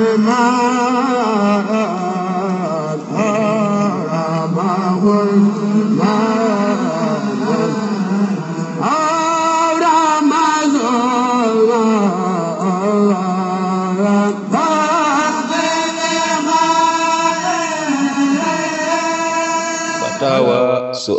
الماء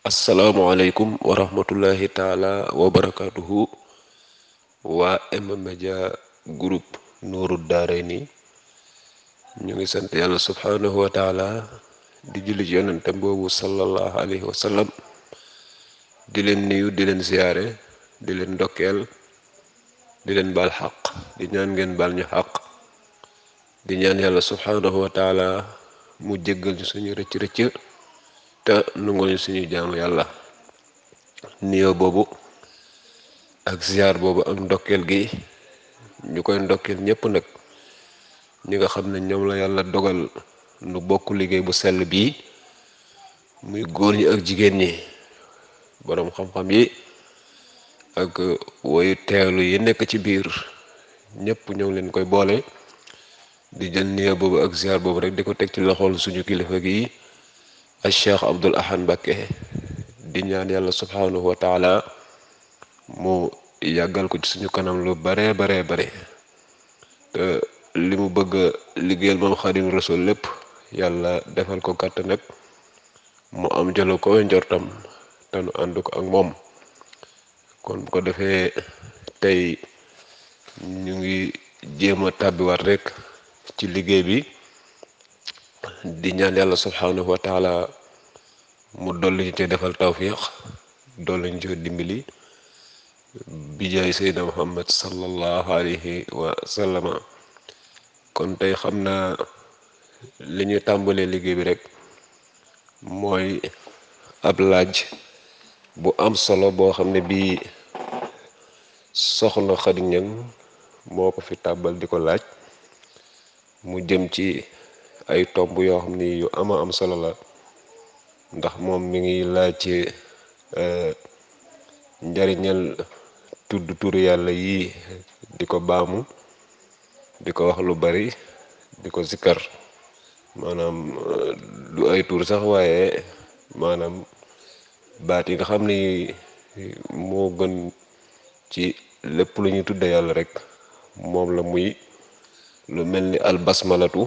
asalaamualeykum wa rahmatullahi taala wa barakaatuhu waa M-Media groupe Nourou ni ñu ngi sant yàlla subhaanahu wa di julli ci yonente boobu sallallahu alayhi wa di leen nuyu di leen ziyaare di leen ndokkeel di leen baal xaq di ñaan ngeen baal ñu xaq di ñaan yàlla subhaanahu wa mu jéggal ñu suñu rëcc rëcc te nangoo ñu suñuy jaamu yàlla niyoo boobu ak ziar boobu ak ndokkeel gi ñu koy ndokkeel ñëpp nag ñi nga xam ne ñoom la yàlla dogal nu bokk liggéey bu sell bii muy góor ñi ak jigéen ñi boroom xam-xam yi ak woyu teelu yi nekk ci biir ñëpp ñoo leen koy boole di jël niyoo boobu ak ziar boobu rek di ko teg ci loxol suñu kilifa gi. ay cheikh abdul ahad mbakke di ñaan yàlla subhanahu wa mu yàggal ko ci suñu kanam lu baree baree bare te li mu bëgg a liggéeyal moom xadim rasul lépp yàlla defal ko kàtt nag mu am jëlu ko njortam te nu ànd ak moom kon bu ko defee tey ñu ngi jéem tàbbiwaat rekk ci liggéey bi di ñaan yàlla subhanahu wa taala mu dolli ñu defal tawfiq dolli ñu ci dimbali bi jaay seydna muhammad sallallahu alayhi kon tey xam naa li ñu tàmbalee liggéey bi rek mooy ab laaj bu am solo boo xam ne bii soxna Xadi Ñaŋ moo ko fi tàbbal di ko laaj mu jëm ci ay tomb yoo xam ni yu ama am solo la ndax moom mi ngi laa ci eh, njariñal tudd tur yàlla yii di ko baamu di ko wax lu bari di ko sikkar maanaam eh, du ay tur sax waaye maanaam baat yi nga xam ni moo gën ci lépp lu ñuy tudde yàlla rek moom la muy lu mel ni albasmalatu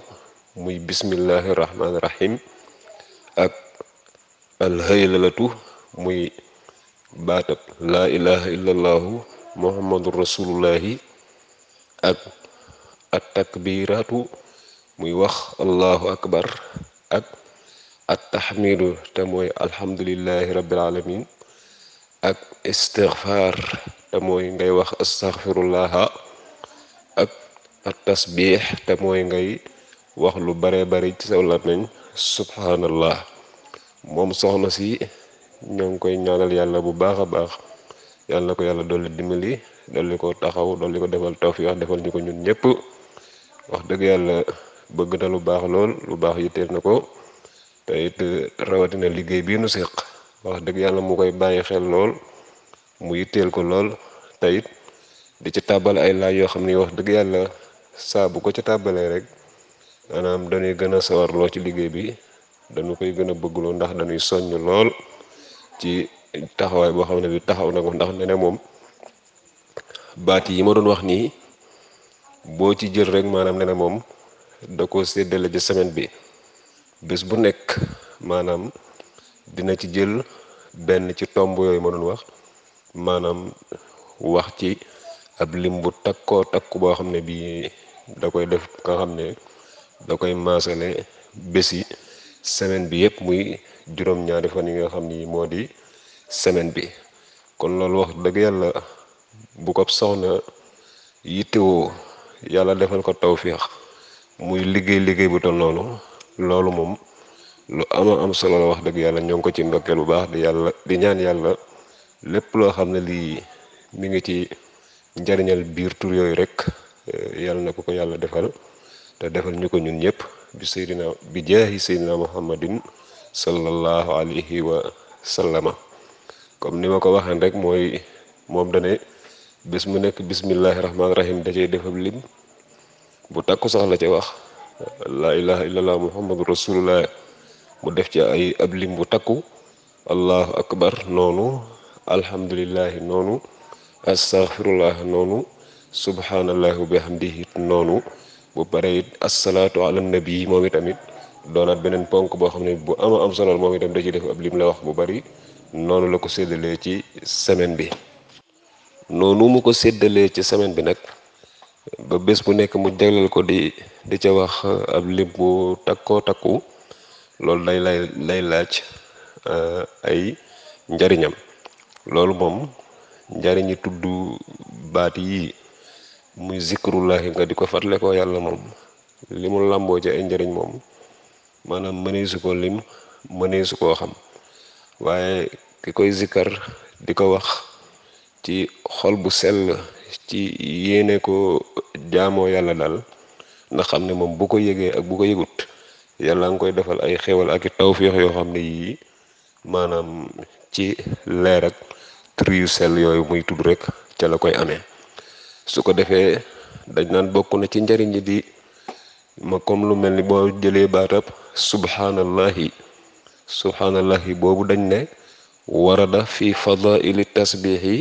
muy bismillahi rahmaani rahim ak alhaylalatu muy baatab laa ilaha illallahu muhammadu rasulullahi ak at takbiraatu muy wax allahu akbar ak at taxmidu te alhamdulillahi rabbil alamin ak istigfaar te ngay wax astagfirullaha ak at tasbiix te ngay wax lu bare bari ci saw làmmiñ subhanallah moom soxna si ñoo ngi koy ñaanal yàlla bu baax a baax yàlla na ko yàlla dolli dimbali dolli ko taxaw dolli ko fi tawfiix defal ñu ko ñun ñëpp wax dëgg yàlla bëgg na lu baax lool lu baax yitteel na ko te it rawatina liggéey bii nu séq wax dëgg yàlla mu koy bàyyi xel lool mu yitteel ko lool te di ci taabale ay laaj yoo xam ni wax dëgg yàlla saa bu ko ci tàbbalee rek maanaam dañuy gën a sawarloo ci liggéey bi dañu koy gën a bëggloo ndax dañuy soññ lool ci taxawaay boo xam ne bi taxaw na ko ndax nene moom baat yi ma doon wax nii boo ci jël rek maanaam ne moom da ko séddale ci semaine bi bés bu nekk maanaam dina ci jël benn ci tomb yooyu ma doon wax maanaam wax ci ab lim bu takkoo takku boo xam ne bii da koy def nga xam ne da koy maasale bés yi semaine bi yëpp muy juróom-ñaari fan yi nga xam ni moo di semaine bi kon loolu wax dëgg yàlla bu ko soxna yittewoo yàlla defal ko taw tawféex muy liggéey liggéey bu toll loolu moom lu ama am solo la wax dëgg yàlla ñoo ngi ko ci ndokkeel bu baax di yàlla di ñaan yàlla lépp loo xam ne lii mu ngi ci njariñal biir tur yooyu rek eh, yàlla na ko ko yàlla defal te defal ñu ko ñun ñëpp bi sayyidina bi jaahi sayyidina muhammadin sallallahu alayhi wa sallama comme ni ma ko waxaan rek mooy moom dane bis mu nekk bismillahi rahmaani rahim da cay defal lim bu takku sax la ca wax laa ilaha illallah muhammadu rasulullah mu def ci ay ab lim bu takku allahu akbar noonu alhamdulillahi noonu astaghfirullah noonu subhanallahi wa bihamdihi noonu bu pare it asalaatu ala nabi moom itamit doonaat beneen ponk boo xam ne bu ama am solo moom itam da ci def ab lim la wax bu bari noonu la ko séddalee ci semaine bi noonu mu ko séddalee ci semaine bi nag ba bés bu nekk mu jagleel ko di di ca wax ab lim bu takkoo takku loolu day lay lay laaj eh, ay njariñam loolu moom njariñi tudd baat yii muy zikrullahi nga di ko fàttale koo yàlla moom li mu làmboo ci ay njëriñ moom maanaam mënee su lim mënee su koo xam waaye ki koy zikkar di ko wax ci xol bu sell ci yéene ko jaamoo yàlla daal na xam ne moom bu ko yëgee ak bu ko yëgut yàlla nga koy defal ay xéwal ak i tawféex yoo xam ne yii maanaam ci leer ak tri yu sell yooyu muy tudd rek ca la koy amee su ko defee dañ naan bokk na ci njariñ yi di ma comme lu mel ni boo jëlee baatab subhaanallahi subhaanallahi boobu dañ ne warada fi fadaili tasbihi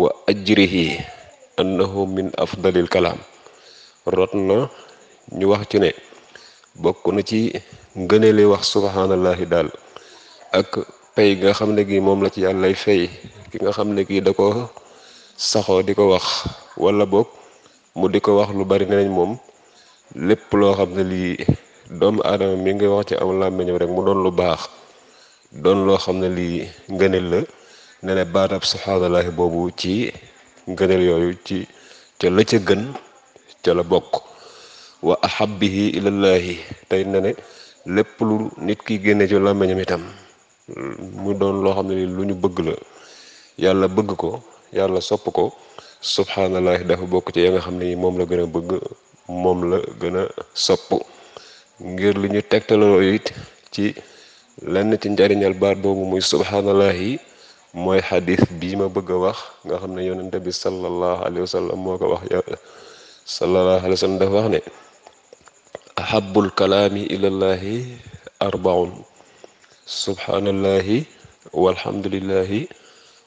wa ajrihi annahu min afdalil kalaam rot na ñu wax ci ne bokk na ci ngëneeli wax subhaanallahi daal ak pay nga xam ne gi moom la ci yàllay fay ki nga xam ne gi da ko saxoo di ko wax walla boog mu di ko wax lu bari ne moom lépp loo xam ne lii doomu aadama mi ngi wax ci am làmmiñam rek mu doon lu baax doon loo xam ne lii ngëneel la ne ne baatab subhaanallaahi boobu ci ngëneel yooyu ci ca la ca gën ca la bokk wa ahabbihi ilallaahi tey ne lépp lu nit ki génne ci làmmiñam itam mu doon loo xam ne lii lu ñu bëgg la yàlla bëgg ko yàlla sopp ko subhanallah dafa bokk ci ya nga xam ne moom la gën a bëgg moom la gën a sopp ngir lu ñu tegtaloo ci lenn ci njariñal baat boobu muy subhanallah yi mooy xadis bii ma bëgg a wax nga xam ne yonente bi sallallahu wa sallam moo ko wax sallallahu alayhi wa sallam dafa wax ne ahabul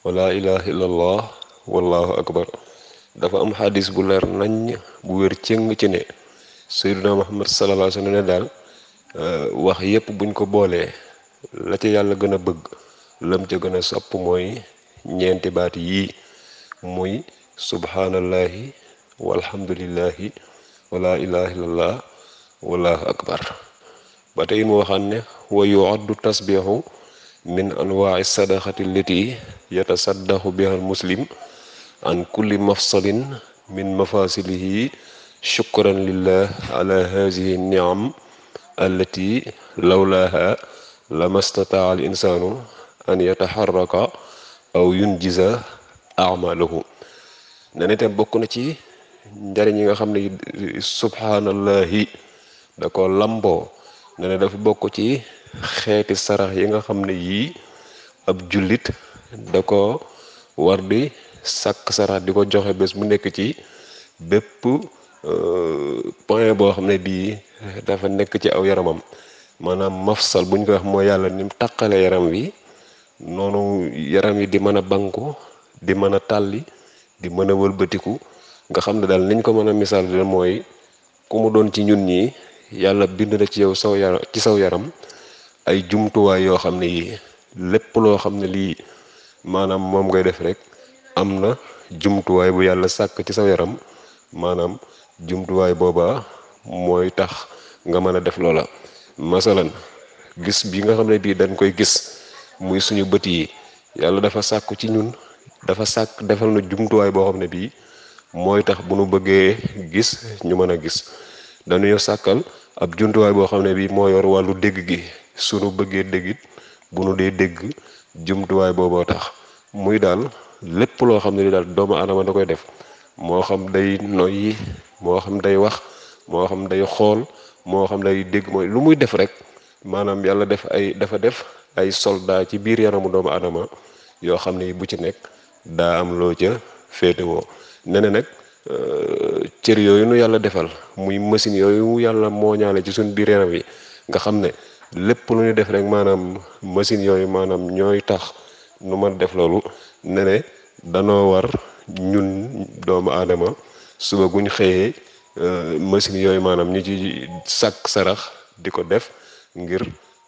wala ilaha illallah wallahu akbar dafa am xadis bu leer naññ bu wér cëng ci ne sayyiduna muhammad sallallahu alayhi wa sallam ne daal euh, wax yépp buñ ko boolee la ca yàlla gën a bëgg lam ca gën a sopp mooy ñeenti baat yii muy subhaanallahi walhamdulillahi wala ilaha illallah wallahu akbar ba tey mu waxaan ne wa yuaddu tasbihu min anwaai sadaxati lati yatasaddaxu biha al muslim an kulli mafsalin min mafasilihi shukran lillah ala hadihi niam allati lawlaha lamastataa al insanu an yataxarraka aw yunjiza amaluhu ne na bokk na ci njariñ yi nga xam ne subhanallahi da lamboo ne dafa bokk ci xeeti sarax yi nga xam ne yii ab jullit da ko war di sàkk sarax di ko joxe bés bu nekk ci bépp euh, point boo xam ne bii dafa nekk ci aw yaramam maanaam mafsal buñ koy wax mooy yàlla ni mu taqale yaram wi noonu yaram wi di mën a banku di mën a tàlli di mën a wëlbatiku nga xam ne daal niñ ko mën a misaal mooy ku mu doon ci ñun ñi yàlla bind na ci yow saw ci saw yaram ay jumtuwaay yoo xam ne yii lépp loo xam ne lii maanaam moom ngay def rek am na jumtuwaay bu yàlla sàkk ci sa yaram maanaam jumtuwaay boobaa mooy tax nga mën a def loola masalan gis bi nga xam ne bii dañ koy gis muy suñu bët yi yàlla dafa sàkk ci ñun dafa sàkk defal na jumtuwaay boo xam ne bii mooy tax bu nu bëggee gis ñu mën a gis dañuy sàkkal ab jumtuwaay boo xam ne bii moo yor wàllu dégg gi sunu bëggee déggit bu nu dee dégg jumtuwaay booboo tax muy daal lépp loo xam ne ni daal doomu aadama da koy def moo xam day noyyi moo xam day wax moo xam day xool moo xam day dégg mooy lu muy def rek maanaam yàlla def ay dafa def ay soldaa ci biir yaramu doomu aadama yoo xam ne bu ci nekk daa am loo ca féetewoo ne ne nag euh, cër yooyu nu yàlla defal muy machine yooyu yàlla mooñaale ci suñ biir yaram yi nga xam ne lépp lu ñu def rek maanaam machine yooyu maanaam ñooy tax nu ma def loolu ne danoo war ñun doomu aadama suba guñ xëyee euh, machine yooyu maanaam ñu ci sàkk sarax di ko def ngir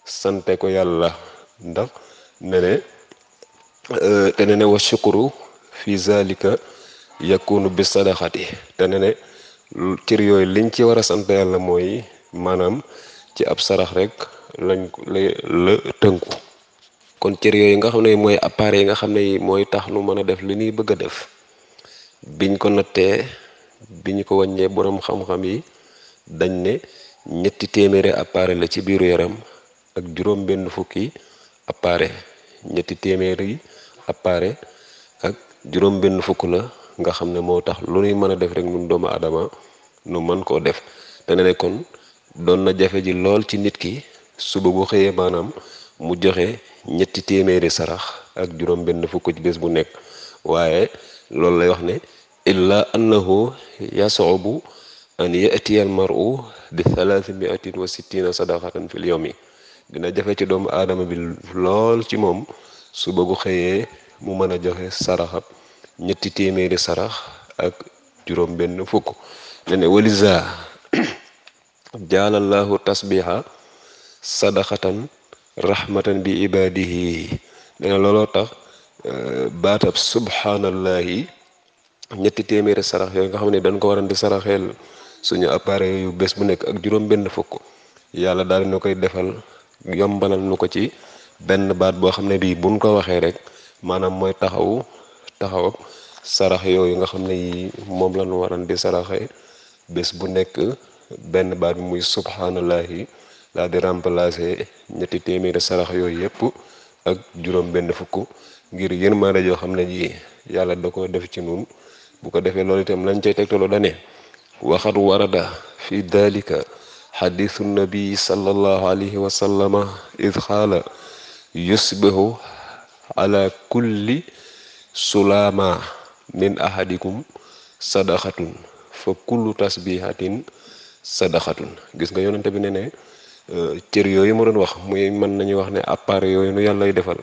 sante ko yàlla ndax ne ne euh, te ne ne wa shukuru fi zalika yakunu bi sadaxati te ne ne yooyu liñ ci war a sant yàlla mooy maanaam ci ab sarax rek lañ ko la tënku kon cër yooyu nga xam ne mooy appareil yi nga xam ne mooy tax nu mën a def li ñuy bëgg a def biñ ko nattee bi ñu ko wàññee borom xam-xam dañ ne ñetti téeméeri appareil la ci biiru yaram ak juróom fukki appareil ñetti téeméeri appareil ak juróom fukk la nga xam ne moo tax lu ñuy mën a def rek nun doomu aadama nu mën koo def te ne kon doon na jafe ji lool ci nit ki suba bu xëyee maanaam mu joxe ñetti téeméeri sarax ak juróom benn fukk ci bés bu nekk waaye loolu lay wax ne illa annahu yasubu an yatiya al mar'u bi thalathi miatin wa sittina sadaqatan fil yawmi dina jafe ci doomu aadama bi lool ci moom suba bu xëyee mu mën a joxe saraxab ñetti téeméeri sarax ak juróom benn fukk ne ne walisa jaalallahu tasbiha sadaxatan rahmatan bi ibadihi nee na looloo tax euh, baatab subhanallahi ñetti téeméeri sarax yooyu nga xam ne dañ ko waran di saraxeel suñu appareil yu bés bu nekk ak juróom-benn fukk yàlla daal dina koy defal yombalal nu ko ci benn baat boo xam ne bii buñ ko waxee rek maanaam mooy taxawu taxaw sarax yooyu nga xam ne yi moom lañu waran di saraxe bés bu nekk benn baat bi muy subhanallahi daal di remplacer ñetti téeméeri sarax yooyu yëpp ak juróom benn fukk ngir yërmaande joo xam ne ji yàlla da ko def ci nun bu ko defee lool itam lañ cay tegtaloo dane waxat warada fi dalika xadisu nabii sallallahu alayhi wa sallama id xaala yusbihu ala kulli sulaama min ahadikum sadaxatun fa kullu tasbihatin sadaxatun gis nga yonente bi ne cër yooyu ma doon wax muy mën nañu wax ne appareil yooyu nu yàllay defal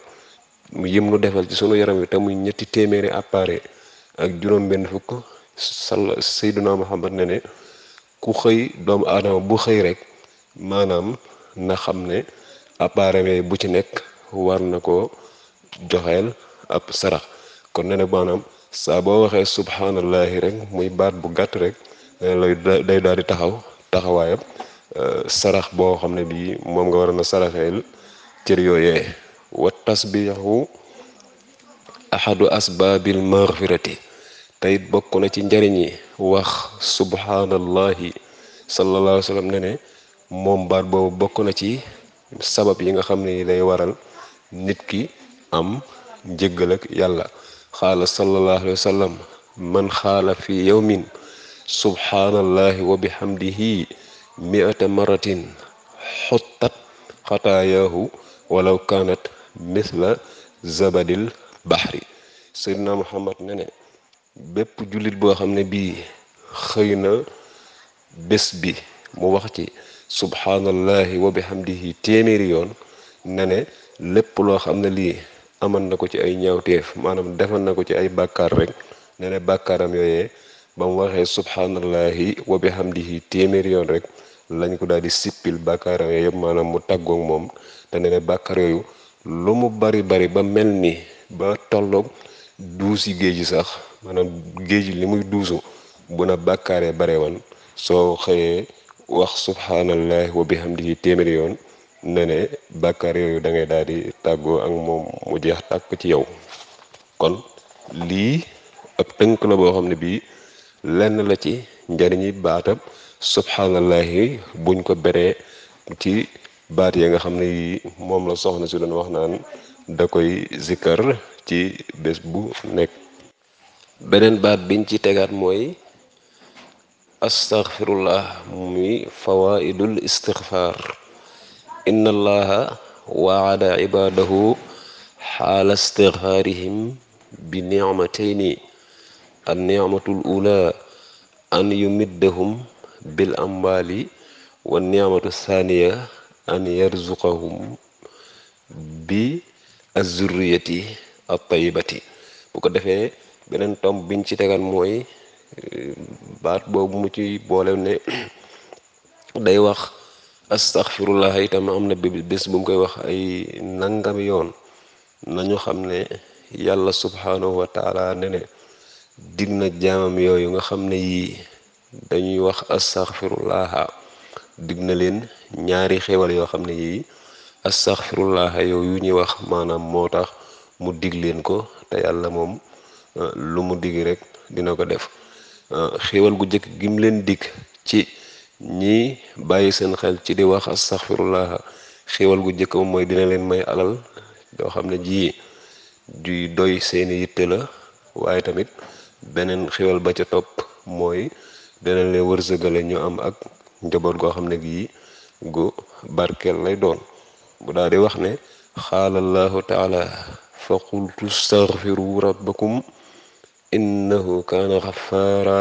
mu yëm nu defal ci sunu yaram wi te muy ñetti téeméeri appareil ak juróom-benn fukk sall sayduna Muhammad ne ne ku xëy doomu aadama bu xëy rek maanaam na xam ne appareil bu ci nekk war na ko joxeel ab sarax kon ne ne maanaam saa boo waxee subhanallahi rek muy baat bu gàtt rek eh, lay day daal di taxaw taxawaayam sarax boo xam ne bii moom nga waroon a saraxeel cër yooyee wa tasbihu ahadu asbaabil maghfirati teyit bokk na ci njariñ yi wax subhaanallahi sallallahu alayhi wa moom baat boobu bokk na ci sabab yi nga xam ne lay waral nit ki am njëggal yàlla xaala sallallahu alayhi man xaala fi yawmin subhaanallahi wa bihamdihi miata maratin xuttat xataayaahu walaw kaanat misla zabadil baxri seydina muhammad ne ne bépp jullit boo xam ne bii xëy na bés bi mu wax ci subhaanallahi wa bihamdihi téeméeri yoon ne lépp loo xam ne lii amal na ko ci ay ñaawteef maanaam defal na ko ci ay bàkkaar rek ne ne bàkkaaram yooyee ba mu waxee subhaanallahi wa bihamdihi téeméeri yoon rek lañ ko daal di sippil bàkkaaram yooyu yëpp maanaam mu tàggoog moom te nee na yooyu lu mu bari bari ba mel ni ba tolloog duusi géej gi sax maanaam géej li muy duusu bu na bàkkaaree bare soo xëyee wax subhaanallahi wa bihamdihi téeméeri yoon ne ne yooyu dangay ngay daal di tàggoo ak moom mu jeex tàkk ci yow kon lii ab tënk la boo xam ne bii lenn la ci njariñi baatam subhaanallahi buñ ko beree ci baat yi nga xam ne yi moom la soxna si doon wax naan da koy zikkar ci bés bu nekk beneen baat biñ ci tegaat mooy astaghfirullah muy fawaidul istighfar inna allaha waada ibadahu xaala istighfarihim bi nicmatayni an nicmatul ula an yumiddahum bil amwaali wa niamatu saaniya an yarzuqahum bi azurriyati at tayyibati bu ko defee beneen tomb biñ ci tegal mooy eh, baat boobu mu ci boole ne day wax astaxfirullah itam am na bés bu mu koy wax ay nangami yoon nañu xam ne yàlla subhaanahu wa taala ne na jaamam yooyu nga xam ne yii dañuy wax astaxfirullaha digg na leen ñaari xewal yoo xam ne yii astaxfirullaha yow yu ñuy wax maanaam moo tax mu digg leen ko te yàlla moom euh, lu mu digg rek dina ko def euh, xéewal gu jëkk gim leen dig ci ñi bàyyi seen xel ci di wax astaxfirullaha xéewal gu jëkk moom mooy dina leen may alal yoo xam ne ji ju doy seeni yitte la waaye tamit beneen xéewal ba ca topp mooy dina leen wërsëgale ñu am ak njaboot goo xam ne gi gu barkeel lay doon bu daal wax ne xaala allahu taala fa qultu staghfiru rabbakum innahu kaana xafaara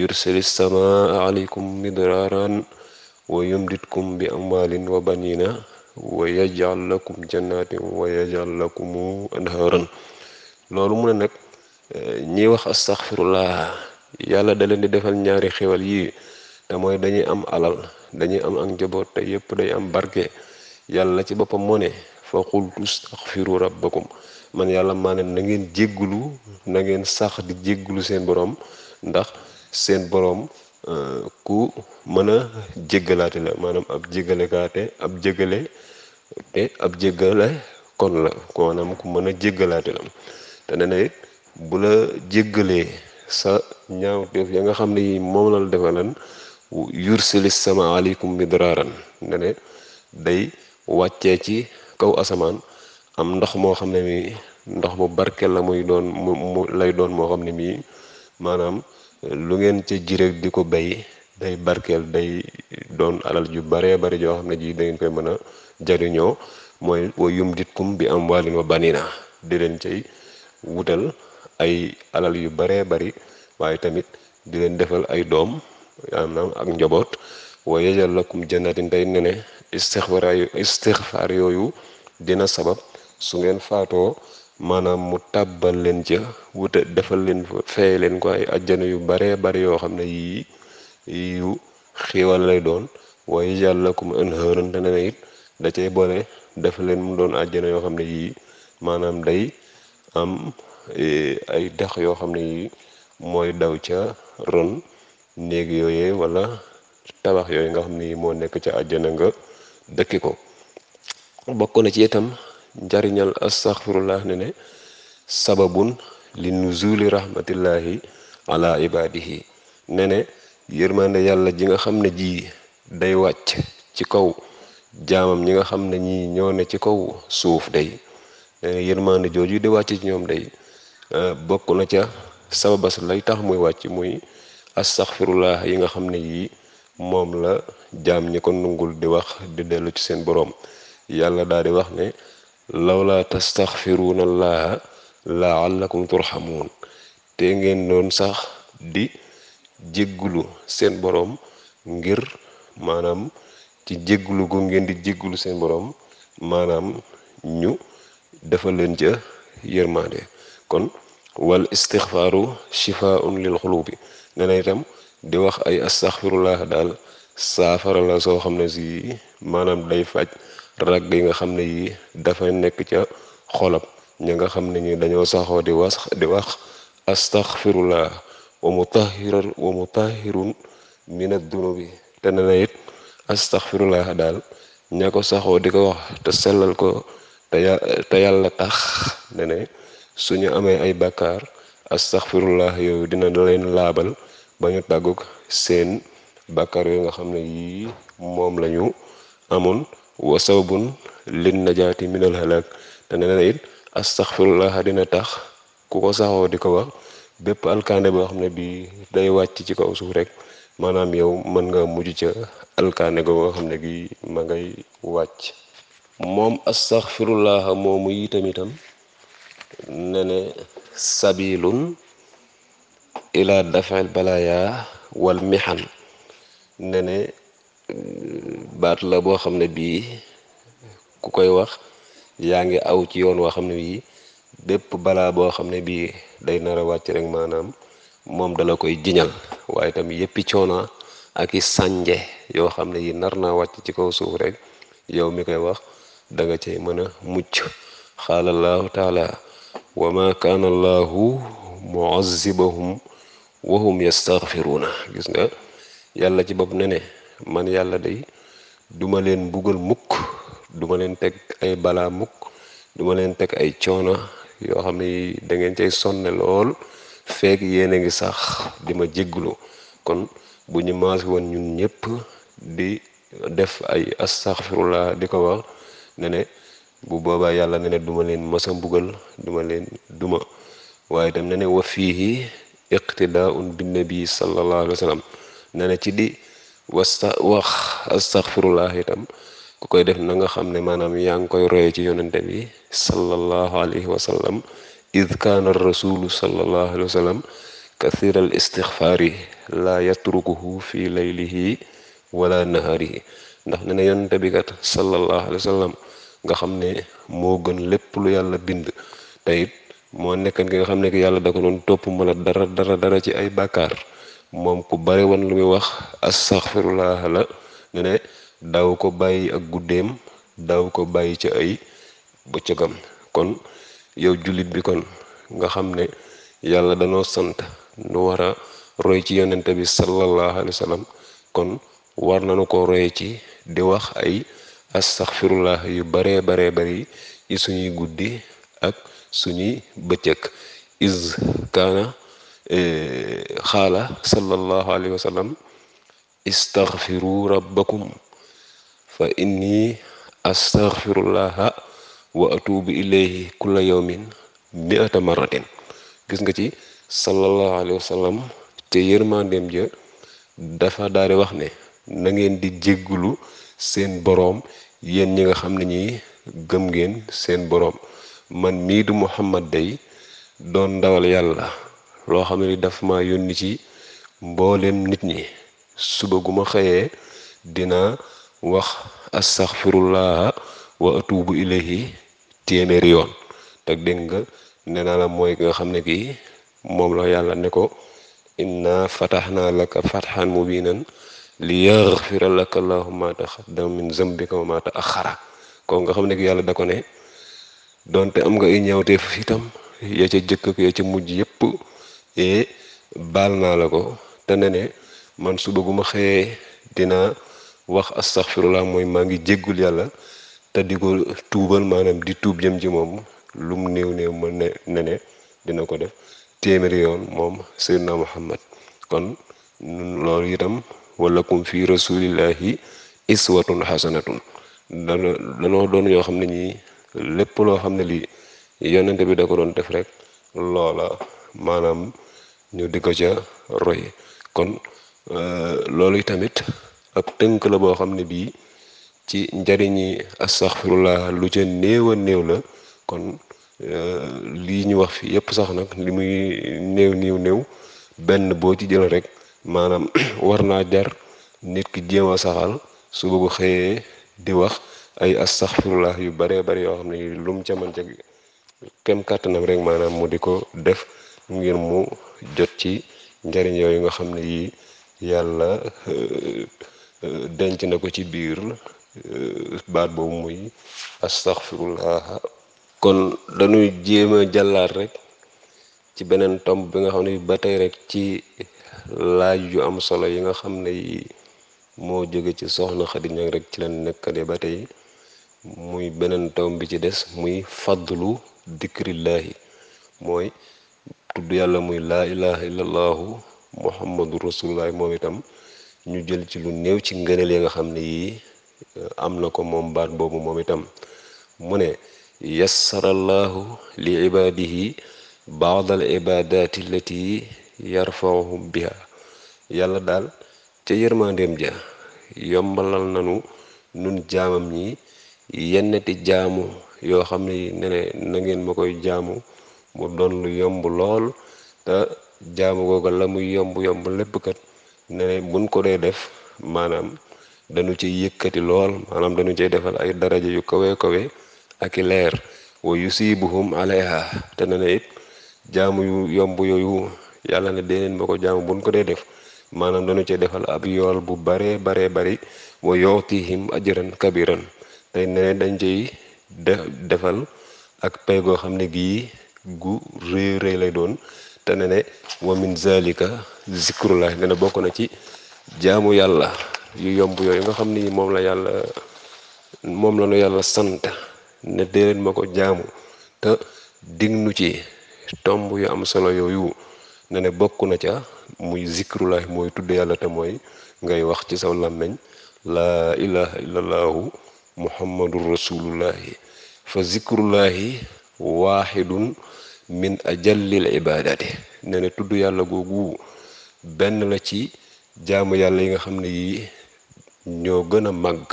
yursili samaa alaykum midraaran wa yumditkum bi amwaalin wa banina wa yajal lakum jannatin wa yajal lakum anhaaran loolu mu ne nag eh, ñiy wax astaghfirullah yàlla da leen di defal ñaari xéwal yii te mooy dañuy am alal dañuy am ak njaboot te yépp day am barke yàlla ci boppam moo ne fa qultu rab rabbakum man yàlla maa ne na ngeen jéggulu na sax di jéggulu seen boroom ndax seen boroom euh, ku mën a jéggalaate la maanaam ab jégalekaate ab jégale ab jéggale kon la maanaam ku mën a jéggalaate la bu la jéggalee sa ñaawteef ya nga xam ne yi moom la defa nan yursili sama aleykum midraaran ne ne day wàccee ci kaw asamaan am ndox moo xam ne mi ndox mu barke la muy doon lay doon moo xam ne mii maanaam lu ngeen ca jirég di ko bay day barkeel day doon alal ju baree bari joo xam ne ji da ngeen koy mën a jariñoo mooy wa yum dit kum bi am waalin wa banina di leen cay wutal ay alal yu baree bari waaye tamit di leen defal ay doom ak njaboot wa yajal lakum jannatin tey ne ne istixfaar yooyu dina sabab su ngeen faatoo maanaam mu tàbbal leen ca wuta defal leen feye leen koy ay ajjana yu baree bari yoo xam ne yii yu xiiwal lay doon wa yajal lakum anhaaran te ne ne it da cay boole defal leen mu doon a ajjana yoo xam ne yii maanaam day am Eh, ay dex yoo xam ne yi mooy daw ca ron néeg yooyee wala tabax yooyu nga xam ne moo nekk ca àjjana nga dëkki ko bokk na ci itam njariñal astaxfirullah ne ne sababun li nu nuzuli rahmatillahi ala ibadihi ne ne yërmande yàlla ji nga xam ne ji day wàcc ci kaw jaamam ñi nga xam ne ñi ñoo ci kaw suuf day yërmande jooju di wàcc ci ñoom day Euh, bokk na ca sababas lay tax muy wàcc muy astaxfirullah yi nga xam ne yii moom la jaam ñi ko nungul di wax di dellu ci seen boroom yàlla daal di wax ne lawla tastaxfiruuna allaha laallakum turxamuun te ngeen doon sax di jéggulu seen boroom ngir maanaam ci jéggulu gu ngeen di jéggulu seen boroom maanaam ñu dafa leen ca yërmande kon wal istixfaaru shifaun lil xulubi nee itam di wax ay astaxfirullah daal saafara la soo xam ne si maanaam day faj rag yi nga xam ne yi dafa nekk ca xolab ñi nga xam ne ñi dañoo saxoo di wax di wax astaxfirullah wa mutahhirar wa mutahhirun min ad-dunubi te nee it astaxfirullah daal ña ko saxoo di ko wax te sellal ko te yàlla tax ne su ñu amee ay bàkkaar astaxfirullah yooyu dina leen laabal ba ñu tàgguk seen bàkkaar yooyu nga xam ne yii moom lañu amoon wa sababun lin najaati minal halak te nee na it astaxfirullah dina tax ku ko saxoo di ko wax bépp alkaande boo xam ne bii day wàcc ci kaw suuf rek maanaam yow mën nga mujj ca alkaane go nga xam ne gi ma ngay wàcc moom astaxfirullah moomu yi tamitam ne ne sabilun ila dafil balaya wal mihan ne ne baat la boo xam ne bii ku koy wax yaa ngi aw ci yoon woo xam ne bii bépp balaa boo xam ne bii day nar a wàcc rek maanaam moom dala koy jiñal waaye tam yëppi coona ak i sànje yoo xam ne yi nar naa wàcc ci kaw suuf rek yow mi koy wax danga nga cay mën a mucc xaalallahu taala wa ma kaana allahu muazibahum wa hum yastaghfiruuna gis nga yàlla ci bopp ne ne man yàlla day duma leen buggal mukk duma leen teg ay balaa mukk duma leen teg ay coono yoo xam ne dangeen ngeen cay sonne lool feek yéen a ngi sax di ma jégglu kon bu ñu maas woon ñun ñëpp di def ay astaghfirullah di ko wax ne bu boobaa yàlla ne ne duma leen masa mbugal duma leen duma waaye itam ne ne wa fiihi iqtidaaun bi nabi sallallahu alayhi wa ne ne ci di wasta wax astaghfirullah itam ku koy def na nga xam ne maanaam yaa ngi koy roye ci yonente bi sallallahu alayhi wa sallam id kaana rasulu sallallahu alayhi wa sallam kathira al istixfaari laa yatrukuhu fi laylihi wala naharihi ndax ne yonente bi kat sallallahu alayhi wa sallam nga xam ne moo gën lépp lu yàlla bind te moo nekkan ki nga xam ne ki yàlla da ko doon topp mala dara dara dara ci ay bàkkaar moom ku bare woon lu muy wax astaxfirullah la ne daw ko bàyyi ak guddeem daw ko bàyyi ci ay bëccëgam kon yow jullit bi kon nga xam ne yàlla danoo sant nu war a roy ci yonente bi sallallahu alayhi wa sallam kon war nañu ko roye ci di wax ay astaxfirullah yu baree baree bari ci suñuy guddi ak suñuy bëccëg iz kaana eh, xaala sallallahu alayhi wa sallam istaxfiru fa inni astaxfirullaha wa atubu ilayhi kulla yawmin mi'ata marratin gis nga ci sallallahu alayhi wa te yërmandeem ja dafa daal di wax ne na di jéggulu seen boroom yéen ñi nga xam ne ñi gëm ngeen seen boroom man mii du Muhammad day doon ndawal yàlla loo xam ne daf ma yónni ci mbooleem nit ñi suba gu ma xëyee dina wax astaxfirullaha wa atubu ilayhi téeméeri yoon teg dégg nga naa la mooy nga xam ne kii moom la yàlla ne ko inna fataxnaa laka fatxan mubinan li yaxfira ma allahumma taqaddama min zambika wa ma ta'akhkhara kooku nga xam ne yàlla da ko ne donte am nga ay ñaawteef itam ya ca jëkk ya ca mujj yépp et baal naa la ko te ne man suba gu ma xëyee dina wax astaghfirullah mooy maa ngi jéggul yàlla te di ko tuubal maanaam di tuub jëm ci moom lu mu néew néew ma ne ne dina ko def téeméeri yoon moom Seydina Muhammad kon loolu itam wala walakum fi rasulillahi iswatun xasanatun dana danoo doon yoo xam ne ñii lépp loo xam ne lii yonente bi da ko doon def rek loola maanaam ñu di ko ca roy kon euh, loolu tamit ab tënk la boo xam ne bii ci njariñi astaxfirullah lu ca néew néew la kon euh, lii ñu wax fi yépp sax nag li muy néew néew néew benn boo ci jël rek maanaam war naa jar nit ki jéem a saxal suba bu xëyee di wax ay astaxfirullah yu baree bari yoo xam ne lu mu ca mën ca kem kàttanam rek maanaam mu di ko def ngir mu jot ci njariñ yooyu nga xam ne yi yàlla euh, denc na ko ci biir euh, baat boobu muy astaxfirullah kon dañuy jéem a jàllaat rek ci beneen tomb bi nga xam ne ba tey rek ci laaj yu am solo yi nga xam ne yi moo jóge ci soxna Xadi Ñaŋ rek ci lañ nekkale ba tey muy beneen tom bi ci des muy fadlu dikrillaahi mooy tudd yàlla muy laa ilaha illallahu muhammadu rasulullahi moom itam ñu jël ci lu néew ci ngëneel yi nga xam ne yii eh, am na ko moom baat boobu moom itam mu ne yassarallahu li ibaadihi baadal ibaadaati yarfa'uhum biha yàlla daal ca yërmandeem ja yombalal nanu nun jaamam ñi yenneti jaamu yoo xam ne nene na ngeen ma koy jaamu mu doon lu yomb lool te jaamu googa la muy yomb yomb lépp kat nene buñ ko dee def maanaam dañu ci yëkkati lool maanaam dañu ciy defal ay daraja yu kawe kawe aki i leer wa yusibuhum alayha te nene it jaamu yu yomb yooyu yàlla ne dee leen ma ko jaamu buñ ko dee def maanaam dañu cee defal ab yool bu baree baree bari wa yootihim ajran kabiran tey ne dañ cey defal ak pay goo xam ne gii gu rëy rëy lay doon te ne ne wa min zalika zikrullah ne ne bokk na ci jaamu yàlla yu yomb yooyu nga xam ni moom la yàlla moom la nu yàlla sant ne dee leen ma ko jaamu te dignu ci tomb yu am solo yooyu ne bokk na ca muy zikrullah mooy tudd yàlla te mooy ngay wax ci saw làmmeñ laa ilaha illallahu muhammadun rasulullahi fa zikrullahi waaxidun min ajallil ibadati ne tudd yàlla googu benn la ci jaamu yàlla yi nga xam ne yii ñoo gën a màgg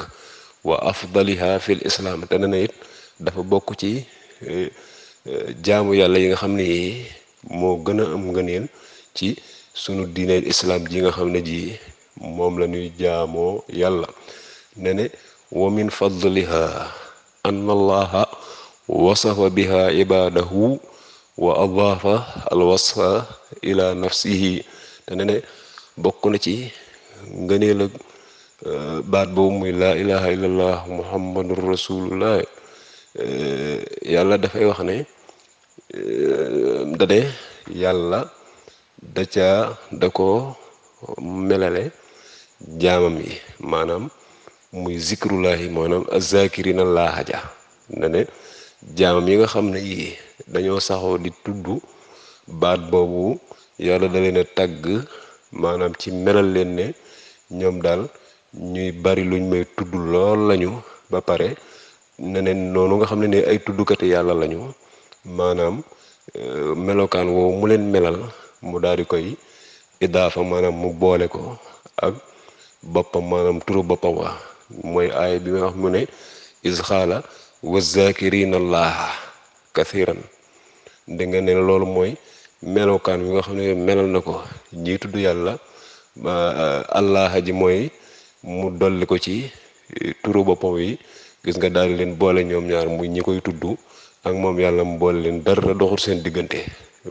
wa afdaliha fil islaam te ne na dafa bokk ci eh, eh, jaamu yàlla yi nga xam ne yii moo gën a am ngëneel ci sunu diine islaam ji nga xam ne ji moom la ñuy jaamoo yàlla ne ne wa min fadliha an allaha wasafa biha ibaadahu wa adaafa alwasfa ila nafsihi te ne bokk na ci ngëneel ak e, baat boobu muy laa ilaha illallah muhammadun rasulullah e, yàlla dafay wax ne Ehm, dane yàlla da ca dako melale jaamam yi maanaam muy zikrullahi maanaam azakirina laahaja na ne jaamam yi nga xam ne yii dañoo saxoo di tudd baat boobu yàlla da leen a tàgg maanaam ci melal leen ne ñoom daal ñuy bari luñ may tudd lool lañu ba pare neneen ne noonu nga xam ne ne ay tuddkati yàlla lañu maanaam euh, melokaan woowu mu leen melal mu daal di koy idaafa maanaam mu boole ko ak boppam maanaam turu boppa wa mooy aaya bi may wax mu ne is xaala wa zakirina allaha kathiran da nga ne loolu mooy melokaan bi nga xam ne melal na ko ñii tudd yàlla euh, allaha ji mooy mu dolli ko ci euh, turu boppa wi gis nga daal leen boole ñoom ñaar muy ñi koy tudd ak moom yàlla mu boole leen dara doxul seen diggante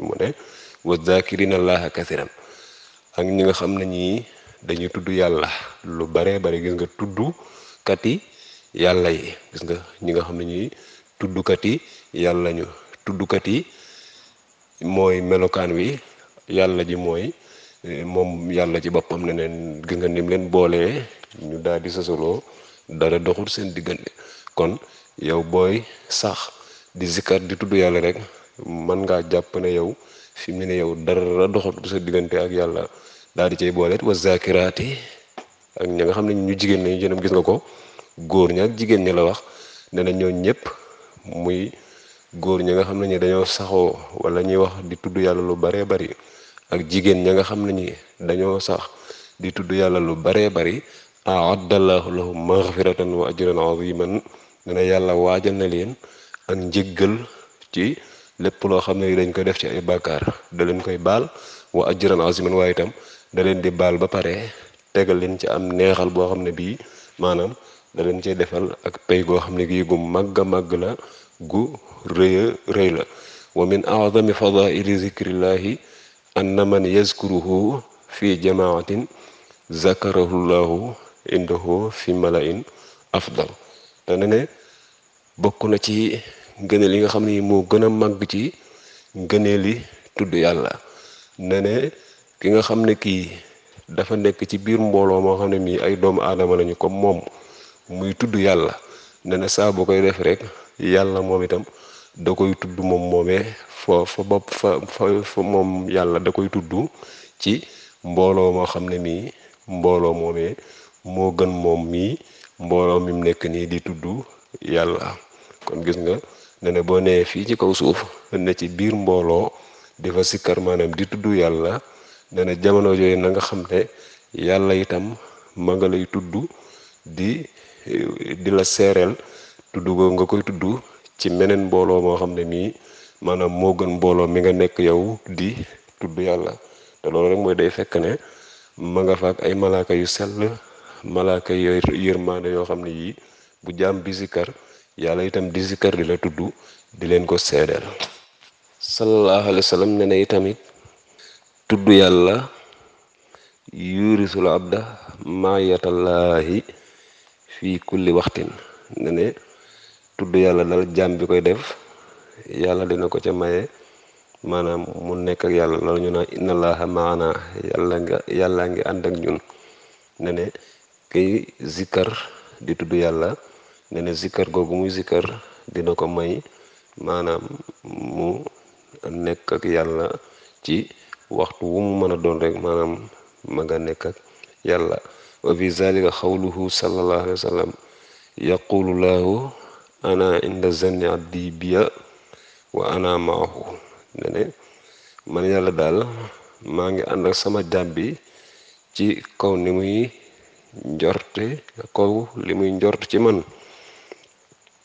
mu ne wa zakirina allaha kasiran ak ñi nga xam ne ñii dañuy tudd yàlla lu bare bare gis nga tudd kat yi yàlla yi gis nga ñi nga xam ne ñi tuddkat yi yàlla ñu tuddkat yi mooy melokaan wi yàlla ji mooy moom yàlla ci boppam ne neen gis nga nim leen boolee ñu daal di sasoloo dara doxul seen diggante kon yow booy sax di zikkar di tudd yàlla rek man ngaa jàpp ne yow fi mu ne yow dara doxatu sa diggante ak yàlla daal di cay boole wa zakiraati ak ña nga xam ne ñu jigéen lañu jënam gis nga ko góor ña ak jigéen ñi la wax ne na ñoo ñëpp muy góor ñi nga xam ne ñi dañoo saxoo wala ñuy wax di tudd yàlla lu baree bari ak jigéen ña nga xam ne ñi dañoo sax di tudd yàlla lu baree bari a'addallahu lahum maghfiratan wa ajran aziman ne na yàlla waajal na leen ak njëggal ci lépp loo xam ne dañ koy def ci ay bàkkaar da leen koy baal wa ajran aziman waaye itam da leen di baal ba pare tegal leen ci am neexal boo xam ne bii maanaam da leen cay defal ak pay goo xam ne gii gu màgg a màgg la gu rëy a rëy la wa min aadami fadaili zikrillahi na man yazkuruhu fi jamaatin zakarahu llahu indahu fi malain afdal te ne bokk na ci ngëneel li nga xam ni moo gën a màgg ci li tudd yàlla ne ki nga xam ne kii dafa nekk ci biir mbooloo moo xam ne mii ay doomu aadama lañu comme moom muy tudd yàlla ne saa bu koy def rek yàlla moom itam da tudd moom moomee fa moom yàlla da koy ci mbooloo moo xam ne mii mbooloo moomee moo gën moom mii mbooloo mi mu nekk nii di tudd yàlla kon gis nga ne boo nee fii ci kaw suuf ne ci biir mbooloo di fa sikkar maanaam di tudd yàlla ne jamono yooyu na nga xam ne yàlla itam ma nga lay tudd di di la seereel tudd ko nga koy tudd ci meneen mbooloo moo xam ne mii maanaam moo gën mbooloo mi nga nekk yow di tudd yàlla te loolu rek mooy day fekk ne ma nga fa ay malaaka yu sell malaaka yooyu yërmaande yoo xam ne yii bu jaam di zikkar yàlla itam di zikkar di la tudd di leen ko seedeel sallallahu alayhi wa sallam ne na itamit tudd yàlla yurisul abda maayatallaahi fii kulli waxtin ne tudd yàlla dal jaam bi koy def yàlla dina ko ca maye maanaam mu nekk ak yàlla la ñu naan inna allaha yàlla nga yàlla ngi ànd ak ñun ne kay zikkar di tudd yàlla ne ne zikkar googu muy zikkar dina ko may maanaam mu yàlla ci waxtu wu a doon rek maanaam nekk ak yàlla wa fi zalika xawluhu sallallahu alayhi wa yaqulu laahu ana inda zanni abdi biya wa ana maahu ne man yàlla daal maa ngi ànd ak sama jàmm ci kaw ni muy njorte kaw li muy njort ci man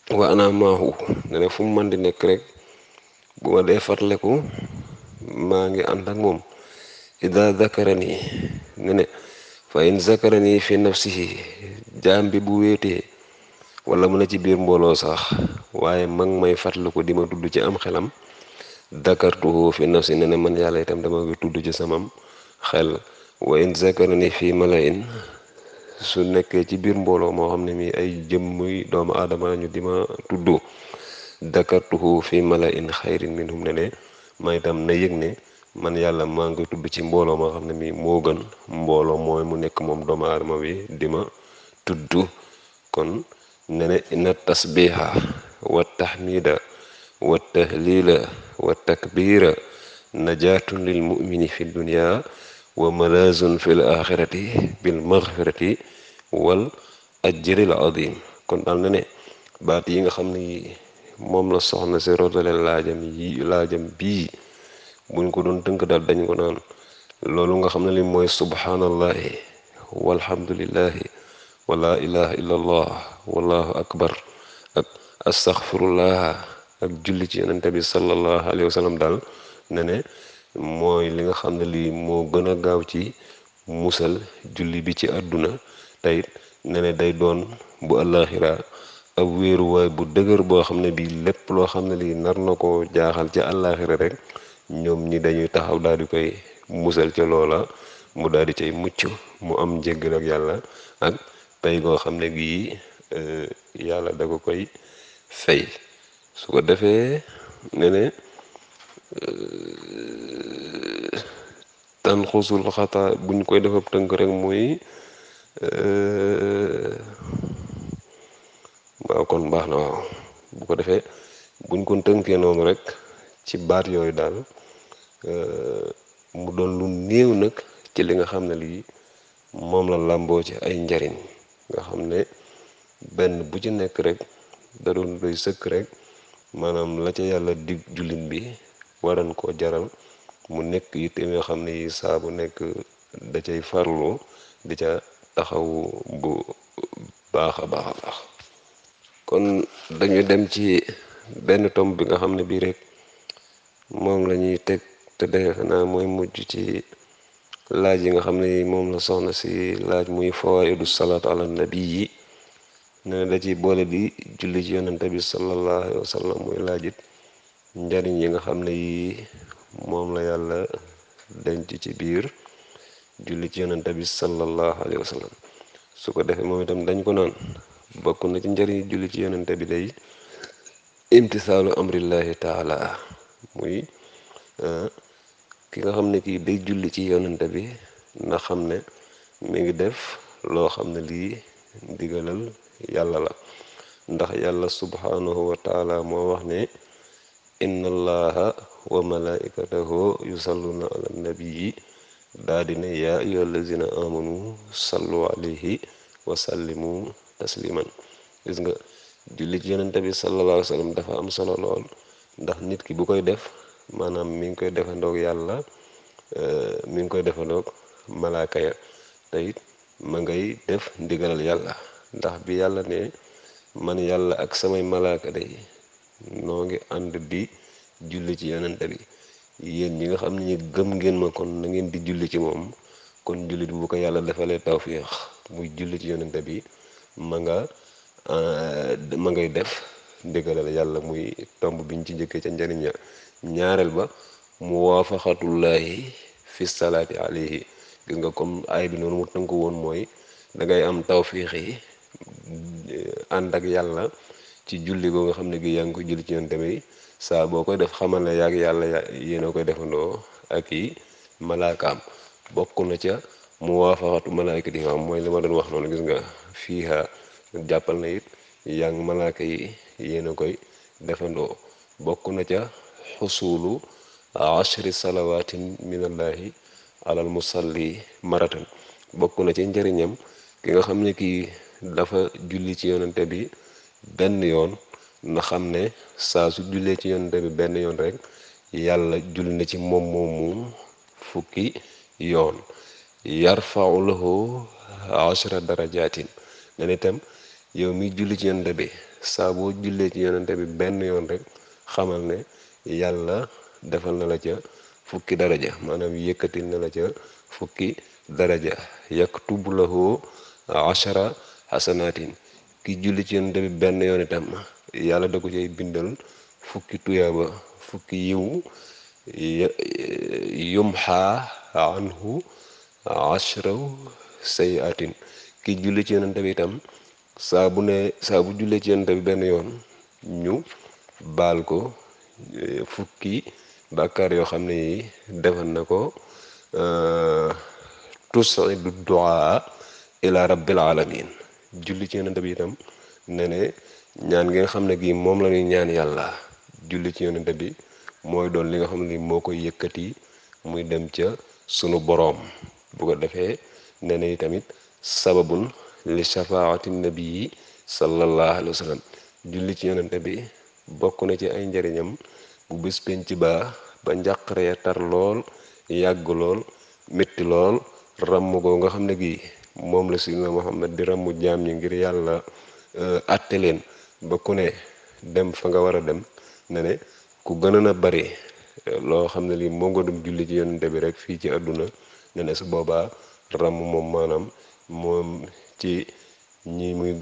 wa ana maahu ne fu mu mën di nekk rek boo ma dee fàttaliku maa ngi ànd ak moom ida zakarani ne ne fa in zakarani fi nafsihi jaam bi bu wéetee wala mun ne ci biir mbooloo sax waaye mag may fàttaliku di ma tudd ci am xelam dakartuhu fi nafsi ne ne man yàlla dama koy tudd ci samam xel wa in zakarani fi malain su nekkee ci biir mbooloo moo xam ne mi ay jëm muy doomu aadama ñu di ma tudd dakartuhu fi mala in xayrin minhum ne ne ma itam na yëg man yàlla maa ngi koy tudd ci mbooloo moo xam ne mi moo gën mbooloo mooy mu nekk moom doomu aadama bi di ma tudd kon ne ne inna tasbiha wa tahmida wa tahlila wa takbira najaatun lil mumini fi dunya wa malazun fil axirati bil maxfirati wal ajril azim kon daal na ne baat yi nga xam ne ni moom la soxna si rootale laajam yi laajam bii buñ ko doon tënk daal dañ ko naan loolu nga xam ne li mooy subhaanallahi walhamdulillahi wala ilaha illa allah wallahu akbar ak astaxfirullah ak julli ci yonente bi sallallahu alayhi wa daal ne mooy li nga xam ne lii moo gën a gaaw ci musal julli bi ci àdduna teyit ne day doon bu àllaaxira ab wéeruwaay bu dëgër boo xam ne bii lépp loo xam ne lii nar na ko jaaxal ci àllaaxira rek ñoom ñi dañuy taxaw daal di koy musal ca loola mu daal di cay mucc mu am njéggal ak yàlla ak pay goo xam ne gii eh, yàlla da ko koy fay su ko defee ne tanxusul xata buñ koy defab tënk rek mooy waaw kon baax na waaw bu ko defee buñ ko tënkee noonu rek ci baat yooyu daal mu doon lu néew nag ci li nga xam ne lii moom la làmboo ci ay njariñ nga xam ne benn bu ci nekk rek da doon doy sëkk rek maanaam la ca yàlla digg jullit bi waran koo jaral mu nekk yitteem yoo xam ne yi saa bu nekk da cay farlu di ca taxaw bu baax a baax a baax kon dañu dem ci benn tomb bi nga xam ne bii rek moom la ñuy teg te defe naa mooy mujj ci laaj yi nga xam ne moom la soxna si laaj muy fawaidu salaatu ala nabi yi ne da ci boole di julli ci yonante bi sallallahu alayhi wa laaj muy njariñ yi nga xam ne yii moom la yàlla denc ci biir julli ci yonente bi sallallahu alayhi wa su ko defee moom itam dañ ko naan bokk na ci njariñ julli ci yonente bi day imtisaalu amrillahi taala muy eh, ki nga xam ne kii julli ci yonente bi na xam ne mi ngi def loo xam ne lii ndigalal yàlla la ndax yàlla subhaanahu wa moo wax ne inna allaha wa malaikatahu yusalluna ala nabiyyi daa dina yaa ayyuha allazina amanu sallu alayhi wa sallimu tasliman gis nga julli ci yonent bi sallallahu alayhi wa sallam dafa am solo lool ndax nit ki bu koy def maanaam mi ngi koy defandoog yàlla eh, mi ngi koy defandoog malaaka ya te ma ngay def ndigalal yàlla ndax bi yàlla ne man yàlla ak samay malaaka day noo ngi ànd di julli ci yonente bi yéen ñi nga xam ne ñu gëm ngeen ma kon na ngeen di julli ci moom kon jullit bu ko yàlla defalee tawfiix muy julli ci yonente bi ma nga euh, ma ngay def ndigalal yàlla muy tomb biñ ci njëkkee ca njëriñ ñaareel ba muwaafaxatullaahi fi salaati alayhi gis nga comme ay bi noonu mu tënk woon mooy dangay am tawfiix yi ànd ak yàlla ci julli googu xam ne gi yaa koy julli ci yoon tamit saa boo koy def xamal ne yaa ngi yàlla yéen a koy defandoo ak i malaakaam bokk na ca mu waafaxatu malaaka di mooy li doon wax noonu gis nga fiiha jàppal na it yaa ngi malaaka yéen a koy defandoo bokk na ca xusulu ashri salawaatin minallahi alal musalli maratan bokk na ca njariñam ki nga xam ne kii dafa julli ci yonante bi benn yoon na xam ne saa su jullee ci yonent bi benn yoon rek yàlla julli na ci moom moomu fukki yoon yarfau lahu ashra darajatin nen itam yow mi julli ci yonent bi saa boo jullee ci yonent bi benn yoon rek xamal ne yàlla defal na la ca fukki daraja maanaam yëkkatil na la ca fukki daraja yaktubu lahu ashara hasanaatin ki julli ci yonent bi benn yoon itam yàlla da ko cay bindal fukki tuyaaba fukki yiw yumha anhu ashra sayiatin ki julli ci yonent bi itam saa bu ne saa jullee ci yonent bi benn yoon ñu baal ko e, fukki bàkkaar yoo xam ne yi defal na ko e, tusidu duaa ila rabbil alamin julli ci yonent bi itam ne ñaan gi xam ne gii moom la ñaan yàlla julli ci yonent bi mooy doon li nga xam ne moo koy yëkkati muy dem ca sunu boroom bu ko defee ne ne tamit sababun li shafaati nabii sallallahu alayhi wa sallam julli ci yonent bi bokk na ci ay njariñam bu bés penc ba ba njàqaree tar lool yàgg lool métti lool ràmm goo nga xam ne gii moom la Seydina Muhammad di ràmmu jaam ñi ngir yàlla àtte euh, leen ba ku ne dem fa nga war a dem ne ne ku gënoon a bari euh, loo xam ne lii moo nga dum julli ci yonente bi rek fii ci àdduna ne su boobaa ràmm moom maanaam muy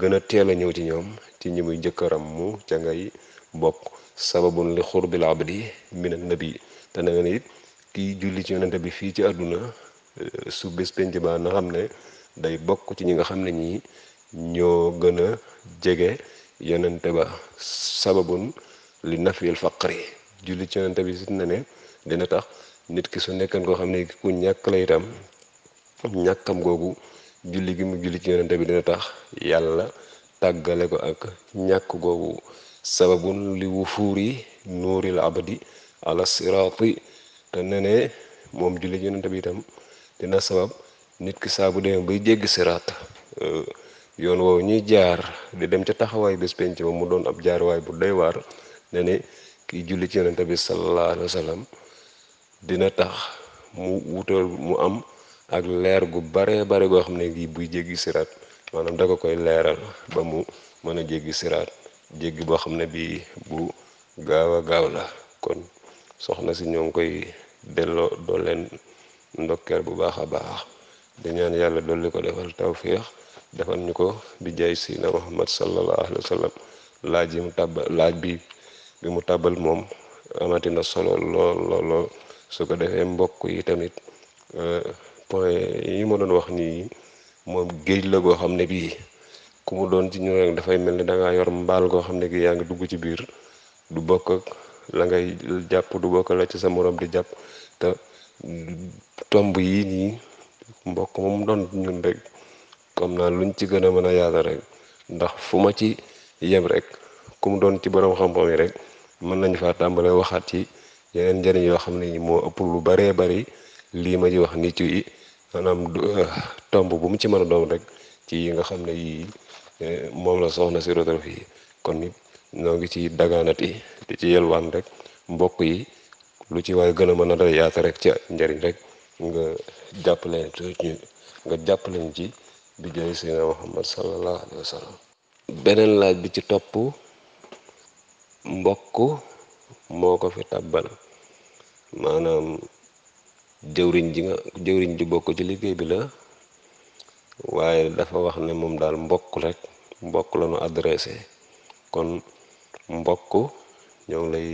gën a teel a ñëw ci ñoom ci ñi muy jëkk a ràmmu ca ngay bokk sababun li xurbil abdi min an nabi te fii ci àdduna euh, su bés penc ba na xam ne day bokk ci ñi nga xam ne ñi ñoo gën a jege yonente ba sababun li nafil faqri julli ci yonente bi sit na dina tax nit ki su nekkan koo xam ne ku ñàkk la itam ñàkkam googu julli gi mu julli ci yonente bi dina tax yàlla tàggale ko ak ñàkk googu sababun li wufuuri nuuril abadi ala siraati te ne moom julli ci yonente bi itam dina sabab nit ki saa bu demee bay jéggi siraat euh, yoon woowu ñuy jaar di dem ca taxawaay bés penc ba mu doon ab jaarwaay bu doy waar ne ne kiy julli ci bi sallallahu alayhi dina tax mu mu am ak leer gu bare bare goo xam ne gii buy jéggi siraat maanaam da ko koy leeral ba mu mën a jéggi siraat jéggi boo xam ne bii bu gaaw a gaaw la kon soxna si ñoo ngi koy delloo doo leen ndokkeel bu baax a baax di ñaan yàlla dolli ko defal tawfiix defal ñu ko bi jaay Seydina Muhammad sallallahu alayhi wa laaj yi mu tàbbal laaj bi bi mu tàbbal moom amati na solo lool lool lool ko defee mbokk yi tamit euh, point yi ma doon wax nii moom géej la goo xam ne bii ku mu doon ci ñu rek dafay mel ni da ngaa yor mbaal goo xam ne gi yaa ngi dugg ci biir du bokk ak la ngay jàpp du bokk la ci sa morom di jàpp tomb yi nii. mbokk moom doon ñun rek kom naa luñ ci gën a mën a yaatal rek ndax fu ma ci yem rek ku mu doon ci borom xam-xam yi rek mën nañ fa tàmbale waxaat yi yeneen njëriñ yoo xam ne ni moo ëpp lu baree bari lii ma ci wax ni ci yi maanaam euh, bu mu ci mën a doon rek ci nga xam ne yii euh, moom la soxna si rotal fii kon nit ñoo ngi ci dagaanat yi di ci yelwaan rek mbokk yi lu ci waaye gën a mën a yaata rek ca njariñ rek jàppale leen toujours ñu nga jàppale ñu ci bi jooy Seydina Muhammad sallallahu alayhi beneen laaj bi ci topp mbokk moo ko fi tàbbal maanaam jëwriñ ji nga jëwriñ ji bokk ci liggéey bi la waaye dafa wax ne moom daal mbokk rekk mbokk la nu adressé kon mbokk ñoo lay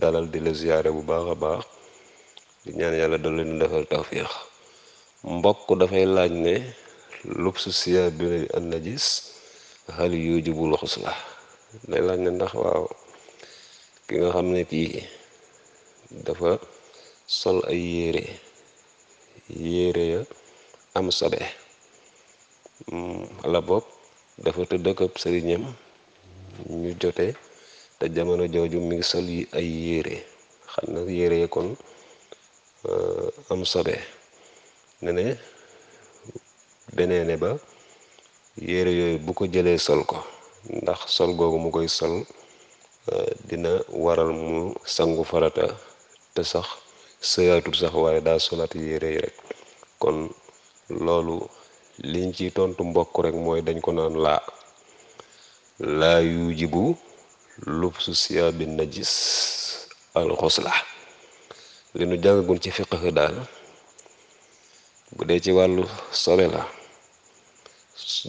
dalal di la ziyaare bu baax a baax di ñaan yàlla doon leen defal tawfiix mbokk dafay laaj ne lubsu siyaab bi an najis hal yujibul xusla day laaj ne ndax waaw ki nga xam ne kii dafa sol ay yére yére ya am sobe la bopp dafa tëdd ak sëriñam ñu jote te jamono jooju mi ngi sol yi ay yére xam na yére ya kon euh, am sobe nga ne benee ba yére yooyu bu ko jëlee sol ko ndax sol googu mu koy sol euh, dina waral mu sangu farata te sax sëyaatul sax waaye daa solaat yére yi rek kon loolu liñ ci tontu mbokk rek mooy dañ ko naan laa laa yujibu lubsu siyaabin najis al xusla li nu jàngagun ci fiqh daal bu dee ci wàllu sole la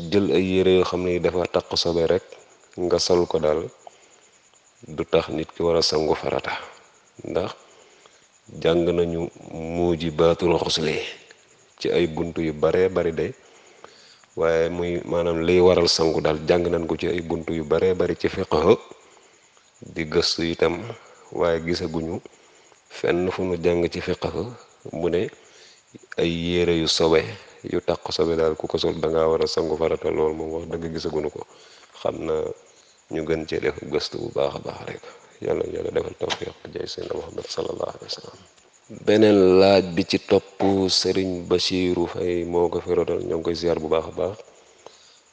jël ay yére yoo xam ne dafa taq sobe rek nga sol ko daal du tax nit ki war a sangu farata ndax jàng nañu muuji baatul xusli ci ay bunt yu baree bari de waaye muy maanaam liy waral sangu daal jàng nañ ko ci ay bunt yu baree bari ci fiqh di gëstu itam waaye gisaguñu fenn fu nu jàng ci fiqh mu ne ay yére yu sobe yu taq sobe daal ku ko sol da war a sangu farata lool moom wax dëgg gisaguñu ko xam na ñu gën cee def gëstu bu baax a baax rek yàlla ñu yàlla defal tawfiq jay seydna laaj bi ci topp sëriñ Bachiru Fay moo ko fi rotal ñoo koy ziar bu baax a baax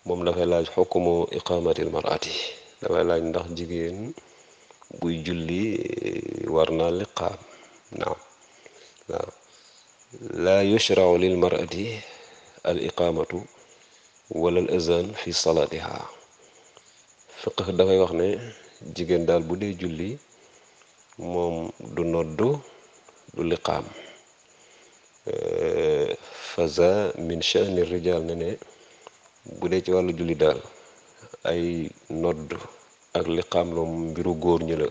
moom dafay laaj xukmu iqamatil marati dafay laaj ndax jigéen buy julli war naa liqaam naam waaw laa yushrau lil mar'ati al iqamatu wala al azan fi salaatiha fiq dafay wax ne jigéen daal bu dee julli moom du noddu du liqaam faza min sha'ni rijal ne ne bu dee ci wàllu julli daal ay nodd ak liqaam la mbiru góor ñi la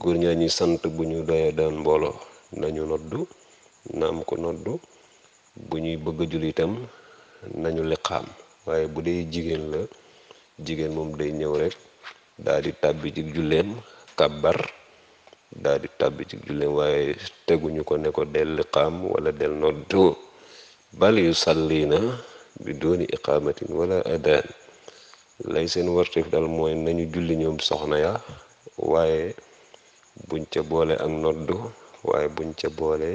góor ñaa ñuy sant bu ñu doyee daan mbooloo nañu noddu na am ko noddu bu ñuy bëgg a itam nañu liqaam waaye bu dee jigéen la jigéen moom day ñëw rekk daal di tàbbi julleem kàbbar daal di tàbbi ci julleem waaye teguñu ko ne ko del liqaam wala del noddu bal yu sàllina bi dooni iqaamatin wala adaan lay seen warteef dal mooy nañu julli ñoom soxna ya waaye buñ ca boole ak noddu waaye buñ ca boole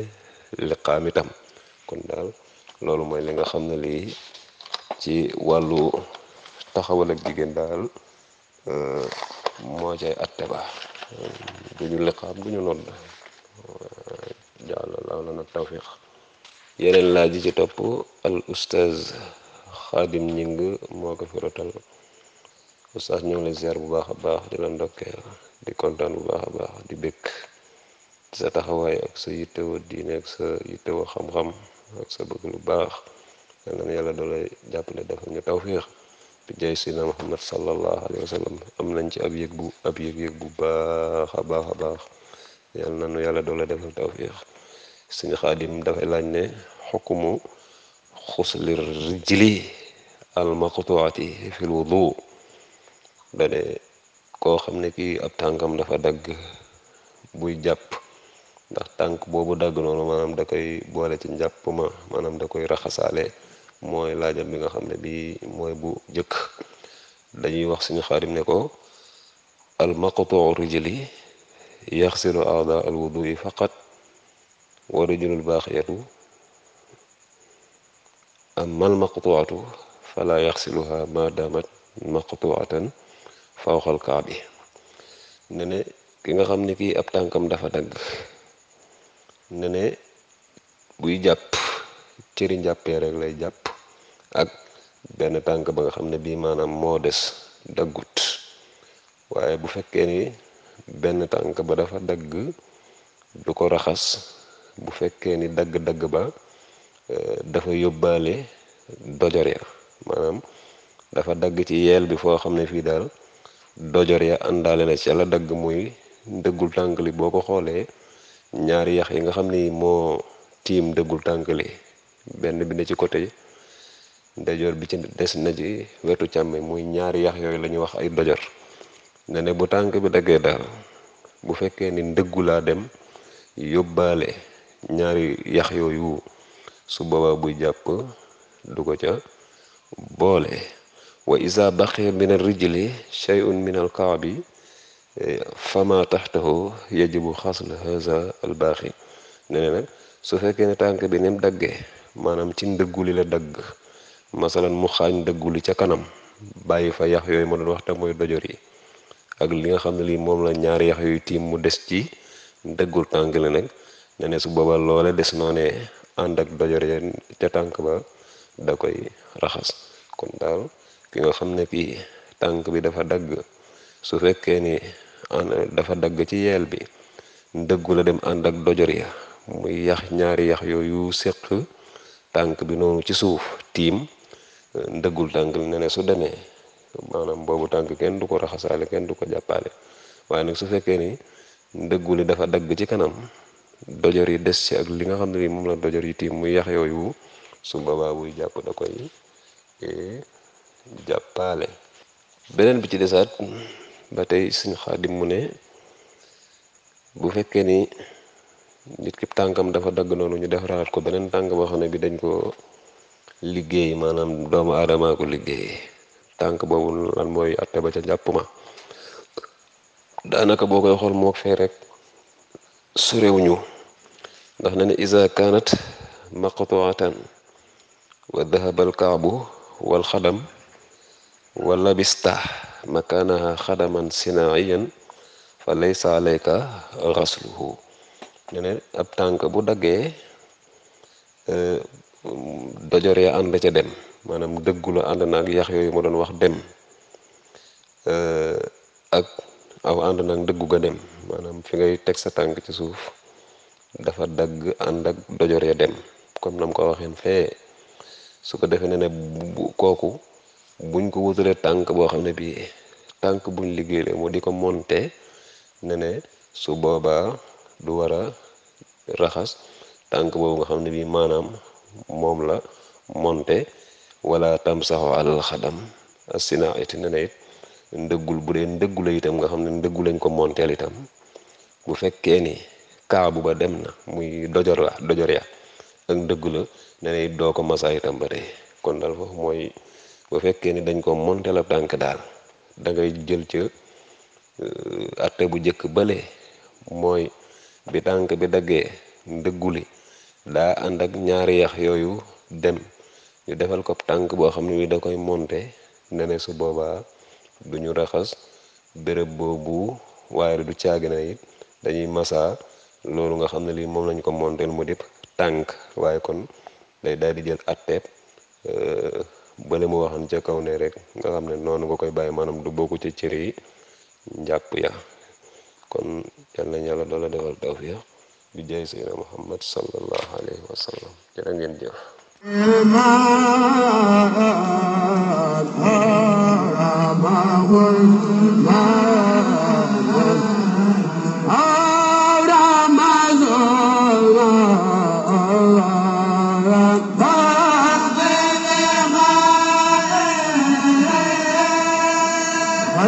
liqaam itam kon daal loolu mooy li nga xam ne lii ci wàllu taxawal ak jigéen daal euh, moo cay atte ba du ñu liqaam du ñu nodd jàll laaw la nag tawfiq yeneen laaj yi ci topp al oustaz xaadim ñing moo ko fi rotal oustaz ñu ngi lay ziar bu baax a baax di la ndokkeel di kontaan bu baax a baax di bëgg sa taxawaay ak sa yittewoo diine ak sa yittewoo xam-xam ak sa bëgg lu baax yal na yàlla doolay jàppale defal ñu tawfiix bi jaay sina muhammad sallallahu alayhi am nañ ci ab yëg ab yëg-yëg bu baax a baax a baax yal na nu yàlla doolay defal tawfiix suñu xaadim dafay laaj ne xukumu xusli rijli al maqtuati fil wudu dane koo xam ne kii ab tànkam dafa dagg buy jàpp ndax tànk boobu dagg noonu maanaam da koy boole ci njàpp ma maanaam da koy raxasaale mooy laajam bi nga xam ne bi mooy bu jëkk dañuy wax suñu xaarim ne ko al maqtuu rijli yaxsilu aada al wudui faqat wa rijlul baaxiyatu amma al maqtuatu fala yaxsiluha ma damat maqtuatan fawqal kaabi ne ne ki nga xam ne kii ab tànkam dafa dagg ne ne buy jàpp cëri njàppee rek lay jàpp ak benn tànk ba nga xam ne bii maanaam moo des daggut waaye bu fekkee ni benn tànk ba dafa dagg du ko raxas bu fekkee ni dagg-dagg ba eh, dafa yóbbaale dojor ya maanaam dafa dagg ci yeel bi foo xam ne fii daal dojor ya àndaale na ci la dagg muy ndëggul tànk li boo ko xoolee ñaari yax yi nga xam ni moo tiim dëggul li benn bi ne ci côté ndeyjoor bi ci des na ci wetu càmme muy ñaari yax yooyu la wax ay dojor ne ne bu tànk bi daggee daal bu fekkee ni ndëggu dem yóbbaale ñaari yax yooyu su boobaa buy jàpp du ko ca boole wa isa baqiya min al rijli shay'un min al fama taxtahu yajibu xasl haza albaaxi ne ne nag su fekkee ne tànk bi ni mu maanaam ci ndëgguli la dagg masalan mu xaañ ndëgguli ca kanam bàyyi fa yax yooyu ma doon wax te mooy dojor yi ak li nga xam ne lii moom la ñaar yax yooyu tiim mu des ci ndëggul tànk la nag ne su booba loole des noonee ànd ak dojor ya ca tànk ba da koy raxas kon daal ki nga xam ne kii tànk bi dafa dagg su fekkee ni dafa dagg ci yeel bi dëggu la dem ànd ak dojor ya muy yax ñaari yax yooyu séq tànk bi noonu ci suuf tiim ndëggul tànk li ne ne su demee maanaam boobu tànk kenn du ko raxasaale kenn du ko jàppale waaye nag su fekkee ni ndëggu li dafa dagg ci kanam dojor yi des ci ak li nga xam ne moom la dojor yi tiim muy yax yooyu su boobaa buy jàpp da koy eh, jàppaale beneen bi ci desaat ba tey suñ xaadim mu ne bu fekkee ni nit ki tànkam dafa dagg noonu ñu defaraat ko beneen tànk boo xam ne bi dañ ko liggéey maanaam doomu aadamaa ko liggéey tànk boobu lan mooy atte ba ca njàpp ma daanaka boo koy xool mook fee rek su ñu ndax ne ne isa kanat maqtuatan wa dahabal kaabu wal xadam wala bistah makanaha xadaman sinaiyan fa laysa alayka rasluhu ñu ne ab tànk bu daggee eh, dojor ya ànd ca dem maanaam dëggu la ànd na yax yooyu ma doon wax dem eh, ak aw ànd na ak dëggu ga dem maanaam fi ngay teg sa tànk ci suuf dafa dagg ànd ak dojor ya dem comme nam ko waxeen fee su ko defee ne ne kooku buñ ko wutalee tànk boo xam ne bii tànk buñ liggéeyee mu di ko monte ne su boobaa du war a raxas tànk boobu nga xam ne bii maanaam moom la monte wala tam saxoo alal xadam asina it ndëggul bu dee ndëggu la itam nga xam ne ndëggu lañ ko monteel itam bu fekkee ni kaabu ba dem na muy dojor la dojor ya ak ndëggu la ne doo ko masaa itam ba tey kon daal foofu mooy bu fekkee ni dañ ko monté la tànk daal da ngay jël ca euh, atte bu jëkk bële mooy bi tànk bi daggee ndëgguli daa ànd ak ñaari yax yooyu dem ñu defal ko tànk boo xam ne wi da koy monté ne su boobaa du ñu raxas béréb boobu waaye du caagina it dañuy massa loolu nga xam ne lii moom lañ ko montel mu dip tànk waaye kon day daal di jël atteeb euh, bële mu waxan ca kaw ne rek nga xam ne noonu nga koy bàyyi maanaam du bokku ci cër yi njàpp ya kon yal nañ yàlla doola defal tawfiq bi jaay seydina muhammad sallallahu alayhi wa sallam jërë ngeen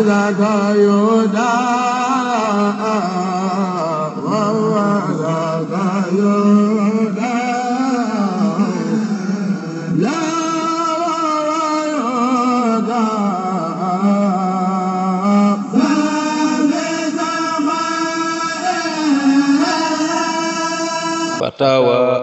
ذاك يدعى وهو ذاك يدعى لا فتاوى